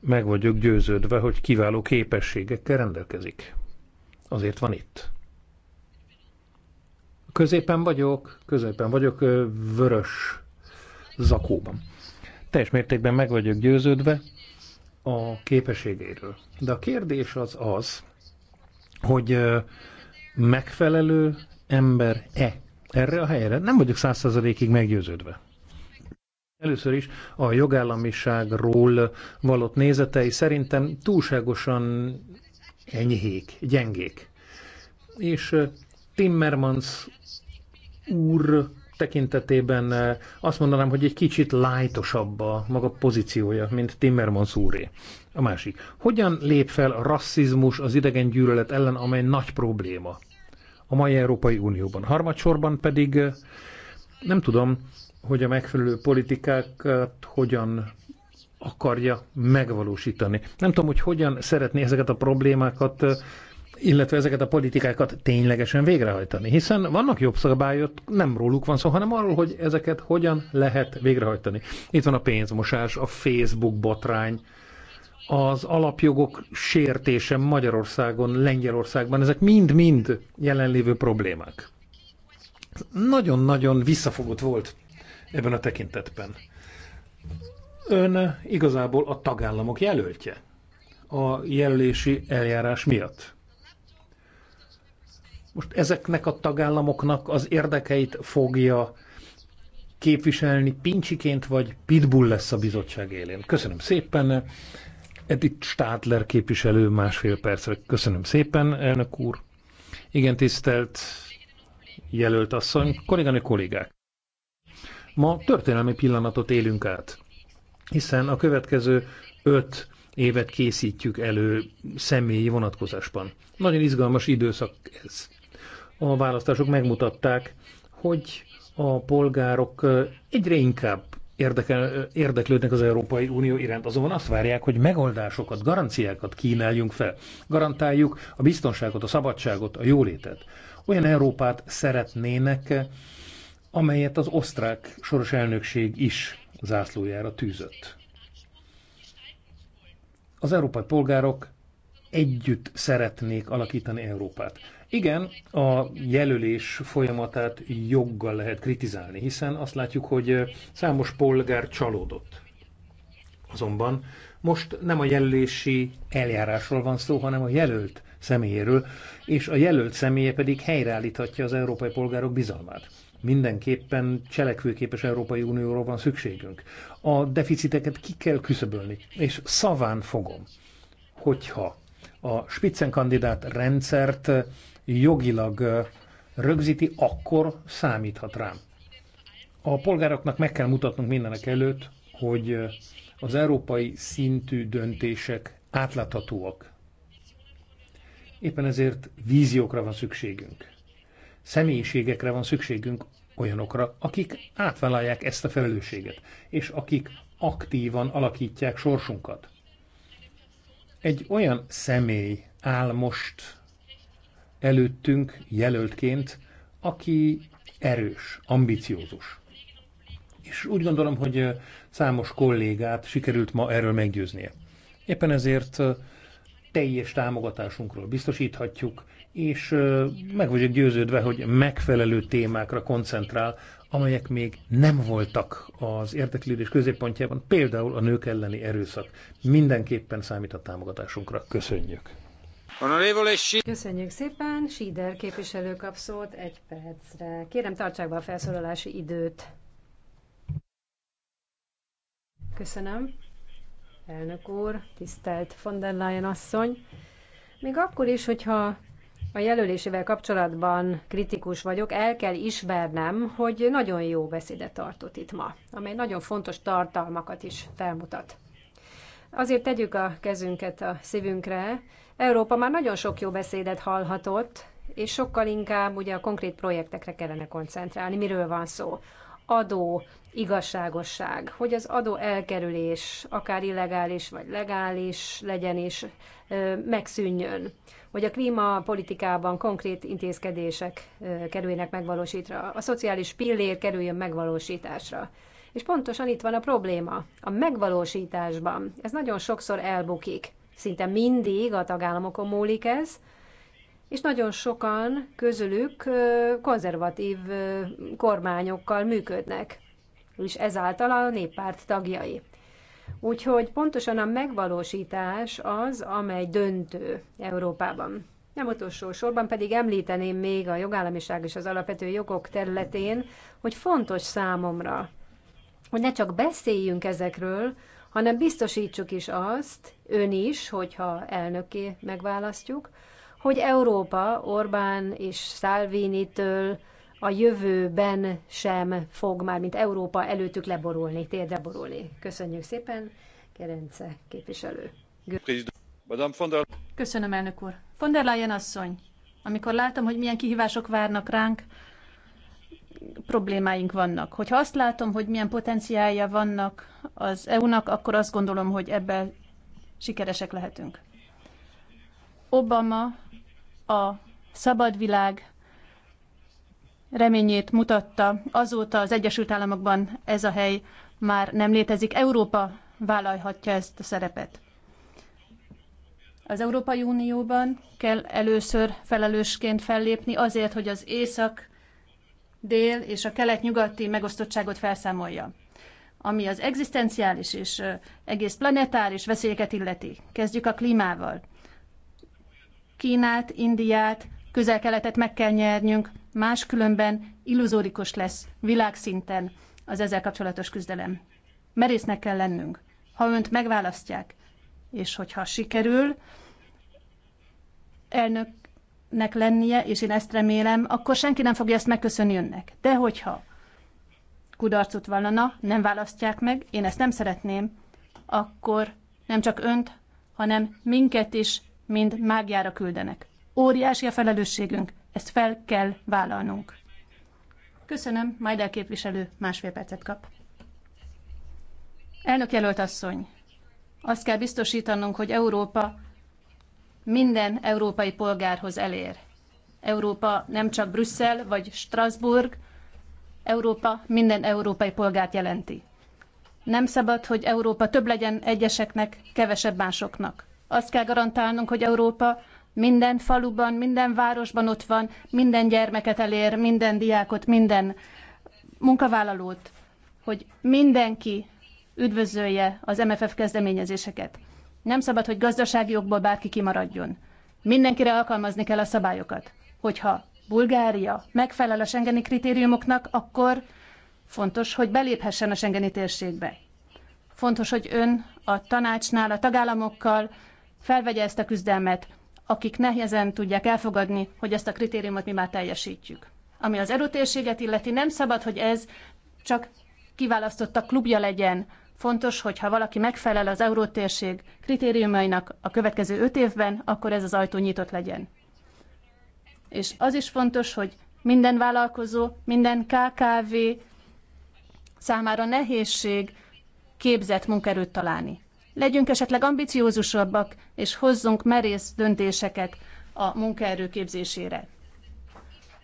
B: meg vagyok győződve, hogy kiváló képességekkel rendelkezik. Azért van itt. Középen vagyok, középen vagyok, vörös zakóban. Teljes mértékben meg vagyok győződve a képességéről. De a kérdés az az, hogy megfelelő ember-e erre a helyre. Nem vagyok százszerzalékig meggyőződve. Először is a jogállamiságról valott nézetei szerintem túlságosan enyhék, gyengék. És Timmermans úr tekintetében azt mondanám, hogy egy kicsit lájtosabb a maga pozíciója, mint Timmermans úré. A másik. Hogyan lép fel a rasszizmus, az idegen gyűlölet ellen, amely nagy probléma? a mai Európai Unióban. Harmadsorban pedig nem tudom, hogy a megfelelő politikákat hogyan akarja megvalósítani. Nem tudom, hogy hogyan szeretné ezeket a problémákat, illetve ezeket a politikákat ténylegesen végrehajtani. Hiszen vannak jobb szabályok, nem róluk van szó, hanem arról, hogy ezeket hogyan lehet végrehajtani. Itt van a pénzmosás, a Facebook botrány, az alapjogok sértése Magyarországon, Lengyelországban, ezek mind-mind jelenlévő problémák. Nagyon-nagyon visszafogott volt ebben a tekintetben. Ön igazából a tagállamok jelöltje a jelölési eljárás miatt. Most ezeknek a tagállamoknak az érdekeit fogja képviselni pincsiként, vagy pitbull lesz a bizottság élén. Köszönöm szépen, Edith Stadler képviselő másfél percre. Köszönöm szépen, elnök úr. Igen, tisztelt jelölt asszony, kolléganő kollégák. Ma történelmi pillanatot élünk át, hiszen a következő öt évet készítjük elő személyi vonatkozásban. Nagyon izgalmas időszak ez. A választások megmutatták, hogy a polgárok egyre inkább érdekel, érdeklődnek az Európai Unió iránt, azonban azt várják, hogy megoldásokat, garanciákat kínáljunk fel. Garantáljuk a biztonságot, a szabadságot, a jólétet. Olyan Európát szeretnének, amelyet az osztrák soros elnökség is zászlójára tűzött. Az európai polgárok együtt szeretnék alakítani Európát. Igen, a jelölés folyamatát joggal lehet kritizálni, hiszen azt látjuk, hogy számos polgár csalódott. Azonban most nem a jelölési eljárásról van szó, hanem a jelölt személyéről, és a jelölt személye pedig helyreállíthatja az európai polgárok bizalmát. Mindenképpen cselekvőképes Európai Unióról van szükségünk. A deficiteket ki kell küszöbölni, és szaván fogom, hogyha a spitzenkandidát rendszert jogilag rögzíti, akkor számíthat rám. A polgároknak meg kell mutatnunk mindenek előtt, hogy az európai szintű döntések átláthatóak. Éppen ezért víziókra van szükségünk. Személyiségekre van szükségünk, olyanokra, akik átvállalják ezt a felelősséget, és akik aktívan alakítják sorsunkat. Egy olyan személy áll most előttünk jelöltként, aki erős, ambiciózus. És úgy gondolom, hogy számos kollégát sikerült ma erről meggyőznie. Éppen ezért teljes támogatásunkról biztosíthatjuk, és meg vagyok győződve, hogy megfelelő témákra koncentrál, amelyek még nem voltak az érdeklődés középpontjában, például a nők elleni erőszak. Mindenképpen számít a támogatásunkra. Köszönjük!
C: Köszönjük szépen, Síder képviselő kap szót egy percre. Kérem, tartsák be a felszólalási időt. Köszönöm. Elnök úr, tisztelt von der Leyen asszony. Még akkor is, hogyha a jelölésével kapcsolatban kritikus vagyok, el kell ismernem, hogy nagyon jó beszédet tartott itt ma, amely nagyon fontos tartalmakat is felmutat. Azért tegyük a kezünket a szívünkre, Európa már nagyon sok jó beszédet hallhatott, és sokkal inkább ugye a konkrét projektekre kellene koncentrálni. Miről van szó? Adó, igazságosság, hogy az adó elkerülés, akár illegális vagy legális legyen is, megszűnjön, hogy a klímapolitikában konkrét intézkedések kerüljenek megvalósításra, a szociális pillér kerüljön megvalósításra. És pontosan itt van a probléma, a megvalósításban. Ez nagyon sokszor elbukik szinte mindig a tagállamokon múlik ez, és nagyon sokan közülük konzervatív kormányokkal működnek, és ezáltal a néppárt tagjai. Úgyhogy pontosan a megvalósítás az, amely döntő Európában. Nem utolsó sorban pedig említeném még a jogállamiság és az alapvető jogok területén, hogy fontos számomra, hogy ne csak beszéljünk ezekről, hanem biztosítsuk is azt, ön is, hogyha elnöké megválasztjuk, hogy Európa Orbán és Salvini-től a jövőben sem fog már, mint Európa előttük leborulni, térdre borulni. Köszönjük szépen, Kerence képviselő. Köszönöm, elnök úr. Von der Leyen asszony, amikor látom, hogy milyen kihívások
A: várnak ránk, problémáink vannak. Hogyha azt látom, hogy milyen potenciálja vannak az EU-nak, akkor azt gondolom, hogy ebben sikeresek lehetünk. Obama a szabad világ reményét mutatta. Azóta az Egyesült Államokban ez a hely már nem létezik. Európa vállalhatja ezt a szerepet. Az Európai Unióban kell először felelősként fellépni azért, hogy az észak dél és a kelet-nyugati megosztottságot felszámolja, ami az egzisztenciális és egész planetáris veszélyeket illeti. Kezdjük a klímával. Kínát, Indiát, közel-keletet meg kell nyernünk, máskülönben illuzórikus lesz világszinten az ezzel kapcsolatos küzdelem. Merésznek kell lennünk. Ha önt megválasztják, és hogyha sikerül, elnök nek lennie, és én ezt remélem, akkor senki nem fogja ezt megköszönni önnek. De hogyha kudarcot vallana, nem választják meg, én ezt nem szeretném, akkor nem csak önt, hanem minket is mind mágiára küldenek. Óriási a felelősségünk, ezt fel kell vállalnunk. Köszönöm, majd elképviselő másfél percet kap. Elnök jelölt asszony, azt kell biztosítanunk, hogy Európa minden európai polgárhoz elér. Európa nem csak Brüsszel vagy Strasbourg, Európa minden európai polgárt jelenti. Nem szabad, hogy Európa több legyen egyeseknek, kevesebb másoknak. Azt kell garantálnunk, hogy Európa minden faluban, minden városban ott van, minden gyermeket elér, minden diákot, minden munkavállalót, hogy mindenki üdvözölje az MFF kezdeményezéseket. Nem szabad, hogy gazdasági okból bárki kimaradjon. Mindenkire alkalmazni kell a szabályokat. Hogyha Bulgária megfelel a Schengeni kritériumoknak, akkor fontos, hogy beléphessen a Schengeni térségbe. Fontos, hogy ön a tanácsnál, a tagállamokkal felvegye ezt a küzdelmet, akik nehezen tudják elfogadni, hogy ezt a kritériumot mi már teljesítjük. Ami az erőtérséget illeti, nem szabad, hogy ez csak kiválasztott a klubja legyen Fontos, hogy ha valaki megfelel az eurótérség kritériumainak a következő öt évben, akkor ez az ajtó nyitott legyen. És az is fontos, hogy minden vállalkozó, minden KKV számára nehézség képzett munkerőt találni. Legyünk esetleg ambiciózusabbak, és hozzunk merész döntéseket a munkaerő képzésére.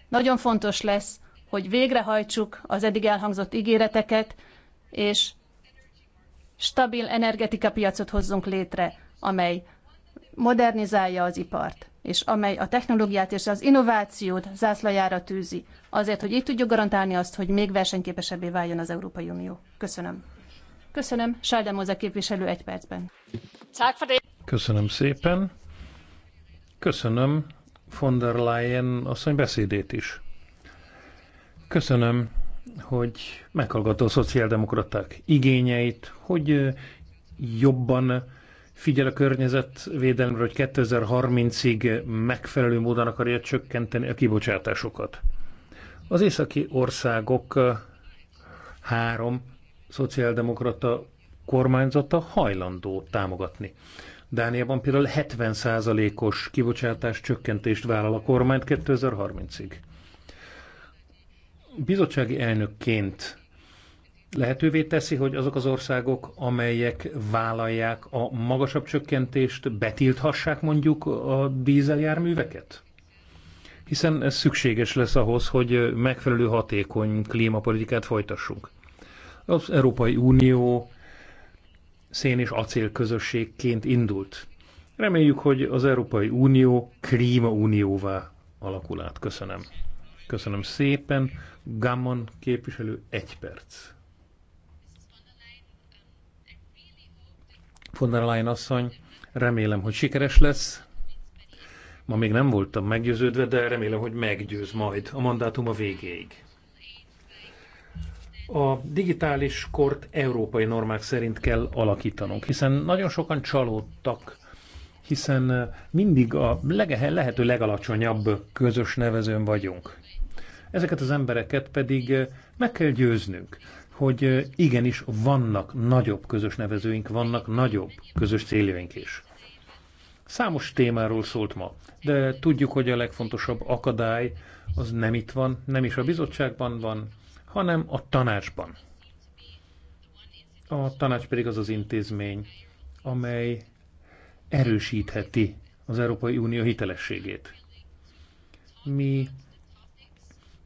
A: Nagyon fontos lesz, hogy végrehajtsuk az eddig elhangzott ígéreteket, és stabil energetikapiacot hozzunk létre, amely modernizálja az ipart, és amely a technológiát és az innovációt zászlajára tűzi, azért, hogy így tudjuk garantálni azt, hogy még versenyképesebbé váljon az Európai Unió. Köszönöm. Köszönöm, Sáldemóze képviselő egy percben.
B: Köszönöm szépen. Köszönöm von der Leyen asszony beszédét is. Köszönöm hogy meghallgatta a szociáldemokraták igényeit, hogy jobban figyel a környezetvédelemre, hogy 2030-ig megfelelő módon akarja csökkenteni a kibocsátásokat. Az északi országok három szociáldemokrata kormányzata hajlandó támogatni. Dániában például 70%-os kibocsátás csökkentést vállal a kormány 2030-ig bizottsági elnökként lehetővé teszi, hogy azok az országok, amelyek vállalják a magasabb csökkentést, betilthassák mondjuk a dízeljárműveket? Hiszen ez szükséges lesz ahhoz, hogy megfelelő hatékony klímapolitikát folytassunk. Az Európai Unió szén és acél közösségként indult. Reméljük, hogy az Európai Unió klímaunióvá alakul át. Köszönöm. Köszönöm szépen. Gammon képviselő, egy perc. Von der Leyen asszony, remélem, hogy sikeres lesz. Ma még nem voltam meggyőződve, de remélem, hogy meggyőz majd a mandátum a végéig. A digitális kort európai normák szerint kell alakítanunk, hiszen nagyon sokan csalódtak, hiszen mindig a lehető legalacsonyabb közös nevezőn vagyunk. Ezeket az embereket pedig meg kell győznünk, hogy igenis vannak nagyobb közös nevezőink, vannak nagyobb közös céljaink is. Számos témáról szólt ma, de tudjuk, hogy a legfontosabb akadály az nem itt van, nem is a bizottságban van, hanem a tanácsban. A tanács pedig az az intézmény, amely erősítheti az Európai Unió hitelességét. Mi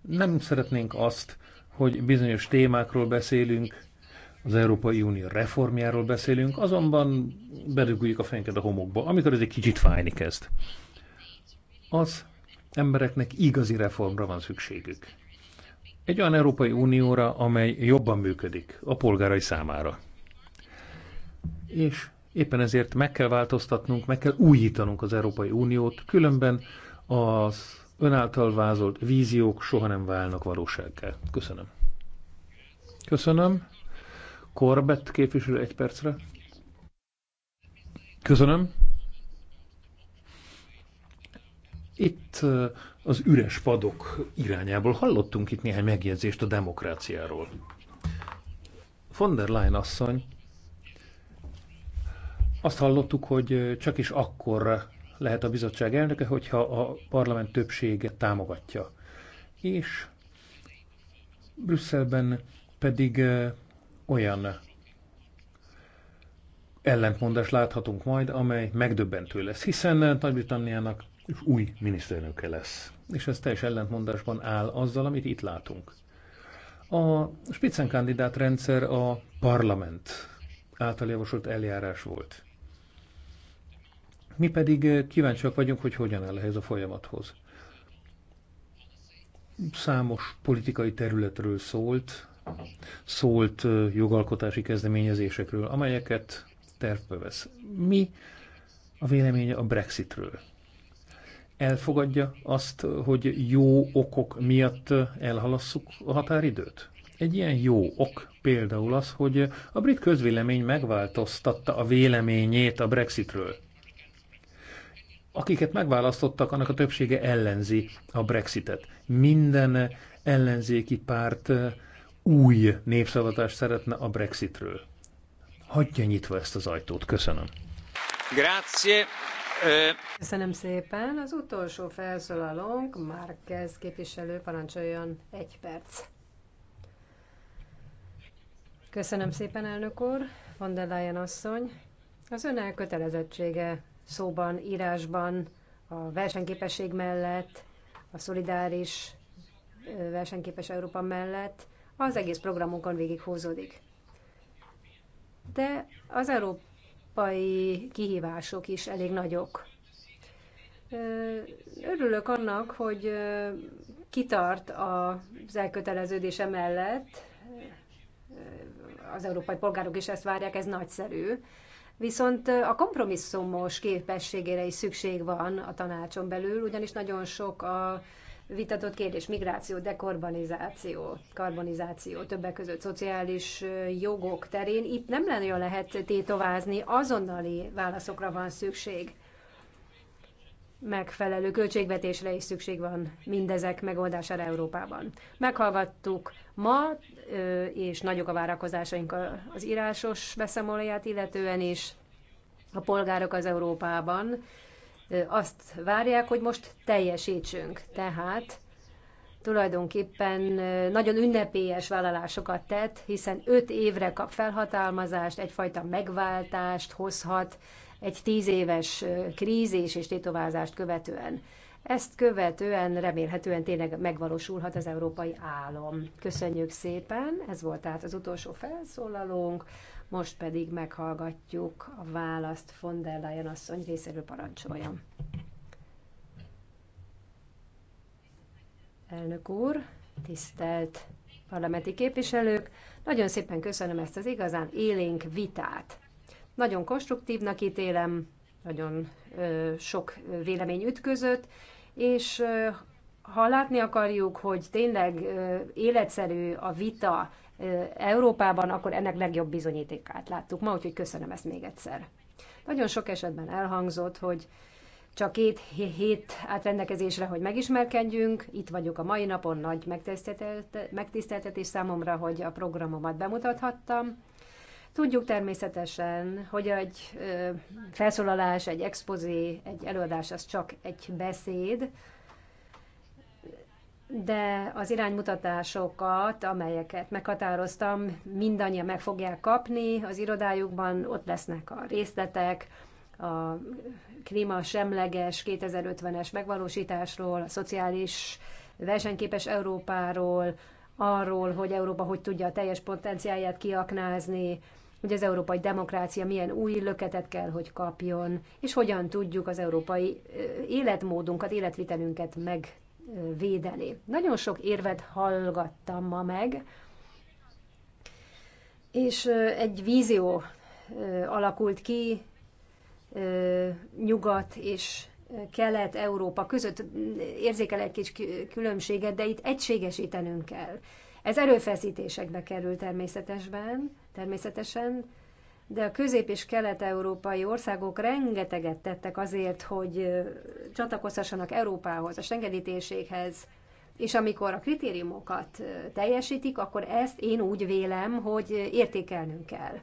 B: nem szeretnénk azt, hogy bizonyos témákról beszélünk, az Európai Unió reformjáról beszélünk, azonban bedugjuk a fejünket a homokba, amikor ez egy kicsit fájni kezd. Az embereknek igazi reformra van szükségük. Egy olyan Európai Unióra, amely jobban működik a polgárai számára. És éppen ezért meg kell változtatnunk, meg kell újítanunk az Európai Uniót, különben az ön által vázolt víziók soha nem válnak valósággá. Köszönöm. Köszönöm. Korbett képviselő egy percre. Köszönöm. Itt az üres padok irányából hallottunk itt néhány megjegyzést a demokráciáról. Von der Leyen asszony, azt hallottuk, hogy csak is akkor lehet a bizottság elnöke, hogyha a parlament többsége támogatja. És Brüsszelben pedig olyan ellentmondás láthatunk majd, amely megdöbbentő lesz, hiszen Nagy-Britanniának új miniszterelnöke lesz. És ez teljes ellentmondásban áll azzal, amit itt látunk. A spitzenkandidát rendszer a parlament által javasolt eljárás volt. Mi pedig kíváncsiak vagyunk, hogy hogyan áll ehhez a folyamathoz. Számos politikai területről szólt, szólt jogalkotási kezdeményezésekről, amelyeket tervbe vesz. Mi a véleménye a Brexitről? Elfogadja azt, hogy jó okok miatt elhalasszuk a határidőt? Egy ilyen jó ok például az, hogy a brit közvélemény megváltoztatta a véleményét a Brexitről akiket megválasztottak, annak a többsége ellenzi a Brexitet. Minden ellenzéki párt eh, új népszavazást szeretne a Brexitről. Hagyja nyitva ezt az ajtót. Köszönöm. Grazie.
C: Eh, Köszönöm szépen. Az utolsó felszólalónk, Márkez képviselő, parancsoljon egy perc. Köszönöm szépen, elnök úr, von der Leyen asszony. Az ön elkötelezettsége szóban, írásban, a versenyképesség mellett, a szolidáris versenyképes Európa mellett az egész programunkon végig De az európai kihívások is elég nagyok. Örülök annak, hogy kitart az elköteleződése mellett, az európai polgárok is ezt várják, ez nagyszerű, Viszont a kompromisszumos képességére is szükség van a tanácson belül, ugyanis nagyon sok a vitatott kérdés, migráció, dekarbonizáció, karbonizáció, többek között szociális jogok terén. Itt nem lenne lehet tétovázni, azonnali válaszokra van szükség megfelelő költségvetésre is szükség van mindezek megoldására Európában. Meghallgattuk ma, és nagyok a várakozásaink az írásos beszámolóját illetően is. A polgárok az Európában azt várják, hogy most teljesítsünk. Tehát tulajdonképpen nagyon ünnepélyes vállalásokat tett, hiszen öt évre kap felhatalmazást, egyfajta megváltást hozhat egy tíz éves krízis és tétovázást követően. Ezt követően remélhetően tényleg megvalósulhat az európai álom. Köszönjük szépen, ez volt tehát az utolsó felszólalónk, most pedig meghallgatjuk a választ von der Leyen asszony részéről parancsoljon. Elnök úr, tisztelt parlamenti képviselők, nagyon szépen köszönöm ezt az igazán élénk vitát. Nagyon konstruktívnak ítélem, nagyon sok vélemény ütközött, és ha látni akarjuk, hogy tényleg életszerű a vita Európában, akkor ennek legjobb bizonyítékát láttuk ma, úgyhogy köszönöm ezt még egyszer. Nagyon sok esetben elhangzott, hogy csak két hét át rendelkezésre, hogy megismerkedjünk. Itt vagyok a mai napon, nagy megtiszteltetés számomra, hogy a programomat bemutathattam. Tudjuk természetesen, hogy egy felszólalás, egy expozé, egy előadás az csak egy beszéd, de az iránymutatásokat, amelyeket meghatároztam, mindannyian meg fogják kapni az irodájukban, ott lesznek a részletek, a semleges 2050-es megvalósításról, a szociális versenyképes Európáról, arról, hogy Európa hogy tudja a teljes potenciáját kiaknázni, hogy az európai demokrácia milyen új löketet kell, hogy kapjon, és hogyan tudjuk az európai életmódunkat, életvitelünket megvédeni. Nagyon sok érvet hallgattam ma meg, és egy vízió alakult ki nyugat és Kelet-Európa között érzékel egy kis különbséget, de itt egységesítenünk kell. Ez erőfeszítésekbe kerül természetesen, természetesen, de a közép- és kelet-európai országok rengeteget tettek azért, hogy csatlakozhassanak Európához, a sengedítéséghez, és amikor a kritériumokat teljesítik, akkor ezt én úgy vélem, hogy értékelnünk kell.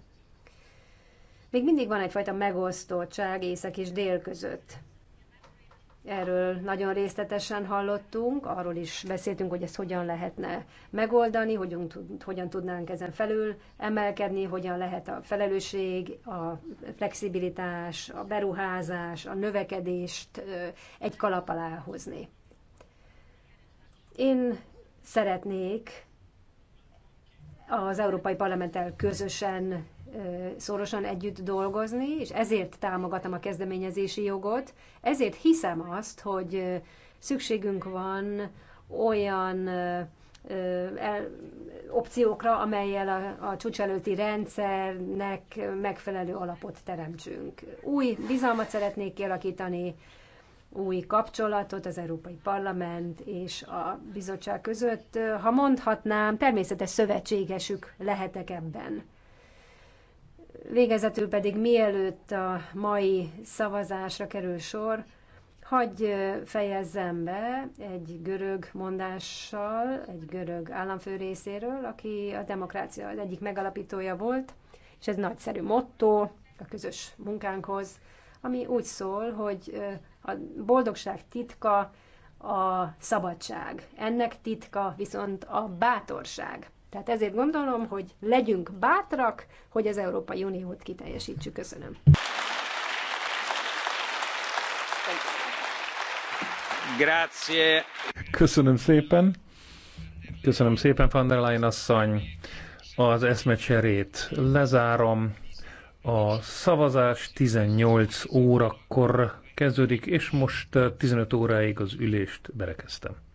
C: Még mindig van egyfajta megosztottság észak és dél között. Erről nagyon részletesen hallottunk, arról is beszéltünk, hogy ezt hogyan lehetne megoldani, hogyan, hogyan tudnánk ezen felül emelkedni, hogyan lehet a felelősség, a flexibilitás, a beruházás, a növekedést egy kalap alá hozni. Én szeretnék az Európai Parlamenttel közösen szorosan együtt dolgozni, és ezért támogatom a kezdeményezési jogot, ezért hiszem azt, hogy szükségünk van olyan opciókra, amelyel a, a csúcselőtti rendszernek megfelelő alapot teremtsünk. Új bizalmat szeretnék kialakítani, új kapcsolatot az Európai Parlament és a bizottság között. Ha mondhatnám, természetes szövetségesük lehetek ebben. Végezetül pedig mielőtt a mai szavazásra kerül sor, hagyj fejezzem be egy görög mondással, egy görög államfő részéről, aki a demokrácia az egyik megalapítója volt, és ez nagyszerű motto a közös munkánkhoz, ami úgy szól, hogy a boldogság titka a szabadság, ennek titka viszont a bátorság. Tehát ezért gondolom, hogy legyünk bátrak, hogy az Európai Uniót kiteljesítsük. Köszönöm.
B: Grazie. Köszönöm szépen. Köszönöm szépen, van der Leyen asszony. Az eszmecserét lezárom. A szavazás 18 órakor kezdődik, és most 15 óráig az ülést berekeztem.